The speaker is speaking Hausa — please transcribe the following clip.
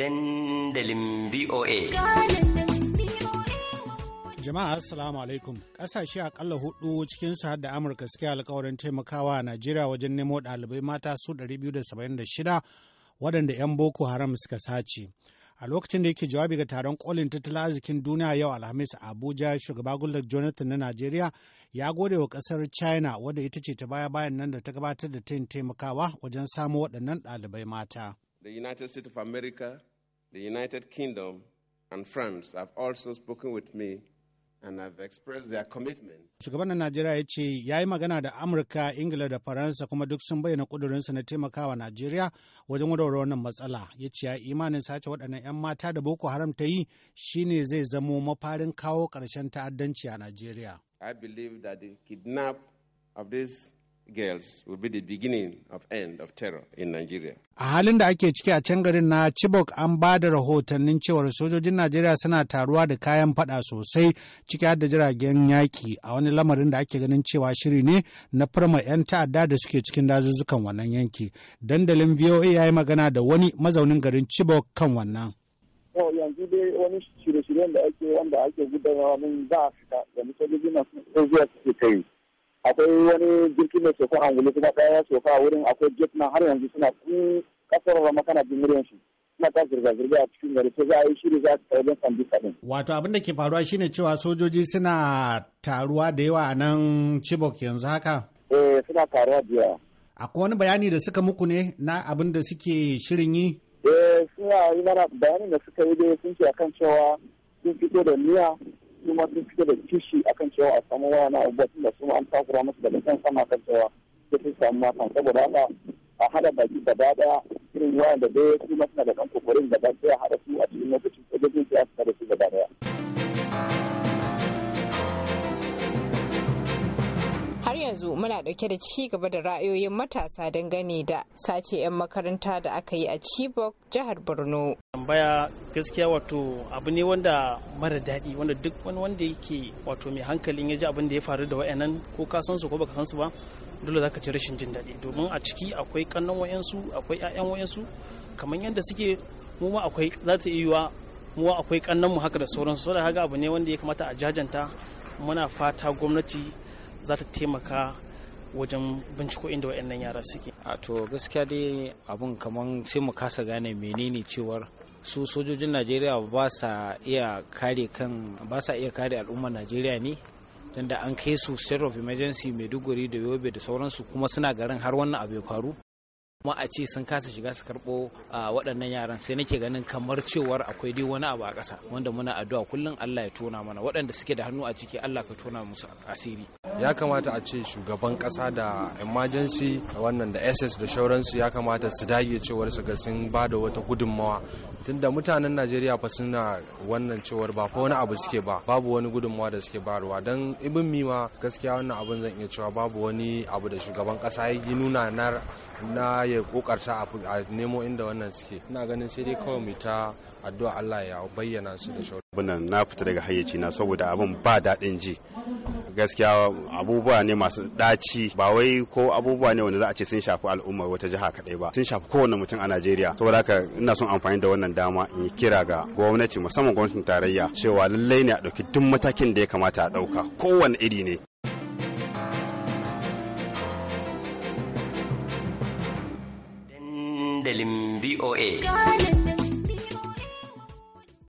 dandalin VOA. Jama'a Assalamu alaikum. Ƙasashe ƙalla hudu cikin su da Amurka suke alkawarin taimakawa a Najeriya wajen nemo ɗalibai mata su 276 waɗanda 'yan Boko Haram suka sace. A lokacin da yake jawabi ga taron kolin tattalin arzikin duniya yau Alhamis Abuja, shugaba Goodluck Jonathan na Najeriya ya gode wa ƙasar China wadda ita ce ta baya-bayan nan da ta gabatar da taimakawa wajen samo waɗannan ɗalibai mata. The United States of America the United Kingdom, and France have also spoken with me and have expressed their commitment. Shugaban Najeriya ya ce ya yi magana da Amurka, Ingila da Faransa kuma duk sun bayyana kudurinsa na taimakawa Najeriya wajen warware wannan matsala. Ya ce ya imanin sace waɗannan 'yan mata da Boko Haram ta yi shine zai zamo mafarin kawo ƙarshen ta'addanci a Najeriya. I believe that the kidnap of these girls will be the beginning of end of terror in Nigeria. A halin da ake ciki a can garin na Chibok an ba da rahotannin cewar sojojin Najeriya suna taruwa da kayan fada sosai ciki har da jiragen yaki a wani lamarin da ake ganin cewa shiri ne na farma 'yan ta'adda da suke cikin dazuzzukan wannan yanki. Dandalin VOA ya yi magana da wani mazaunin garin Chibok kan wannan. yanzu dai wani shirye-shiryen da ake wanda ake gudanarwa min za a fita da sojojin na zuwa suke kai. akwai wani jirgi mai soka wuli kuma ɗaya soka wurin akwai gate na, har yanzu suna kun kasar rama kana bin muryan shi suna ta zirga-zirga a cikin gari sai za a yi shiri za su wajen sandika ɗin. wato abin da ke faruwa shine cewa sojoji suna taruwa da yawa a nan chibok yanzu haka. eh suna taruwa da yawa. akwai wani bayani da suka muku ne na abin da suke shirin yi. eh suna yi mana bayanin da suka yi dai sun ce akan cewa sun fito da niyya su ma sun da kishi akan cewa a samu na abubuwa tun da su ma an takura masu daga kan sama kan cewa da su samu matan saboda haka a hada baki gaba daya irin wayan da dai su ma suna da ɗan ba gaba a hada su a muna dauke da ci gaba da ra'ayoyin matasa dangane da sace 'yan makaranta da aka yi a Chibok jihar Borno. Tambaya gaskiya wato abu ne wanda mara daɗi wanda duk wani wanda yake wato mai hankalin ya ji abin da ya faru da wayannan ko ka san su ko baka san su ba dole zaka ji rashin jin daɗi domin a ciki akwai kannan wayansu akwai 'ya'yan wayansu kamar yadda suke mu ma akwai za ta iya mu akwai kannan mu haka da sauransu saboda haka abu ne wanda ya kamata a jajanta muna fata gwamnati za ta taimaka wajen binciko inda waɗannan yara suke. A to gaskiya dai abun kamar sai mu kasa gane menene cewar su sojojin Najeriya ba sa iya kare kan ba sa iya kare al'ummar Najeriya ne tunda an kai su state of emergency Maiduguri da Yobe da sauransu kuma suna garin har wannan abu ya faru kuma a ce sun kasa shiga su karɓo waɗannan yaran sai nake ganin kamar cewar akwai dai wani abu a ƙasa wanda muna addu'a kullum Allah ya tona mana waɗanda suke da hannu a ciki Allah ka tona musu asiri ya kamata a ce shugaban ƙasa da emergency wannan da SS da shauransu ya kamata su dage cewar su ga sun ba da wata gudunmawa tunda mutanen Najeriya fa suna wannan cewar ba fa wani abu suke ba babu wani gudunmawa da suke bayarwa dan ibin mima gaskiya wannan abun zan iya cewa babu wani abu da shugaban ƙasa ya nuna na ya kokarta a nemo inda wannan suke ina ganin sai dai kawai mu ta addu'a Allah ya bayyana su da shauri bunan na fita daga hayyaci na saboda abin ba daɗin ji gaskiya abubuwa ne masu ɗaci ba wai ko abubuwa ne wanda za a ce sun shafi al'ummar wata jiha kaɗai ba sun shafi kowane mutum a Najeriya saboda haka ina son amfani da wannan dama in yi kira ga gwamnati musamman gwamnatin tarayya cewa lallai ne a ɗauki duk matakin da ya kamata a ɗauka kowane iri ne dandalin e. VOA.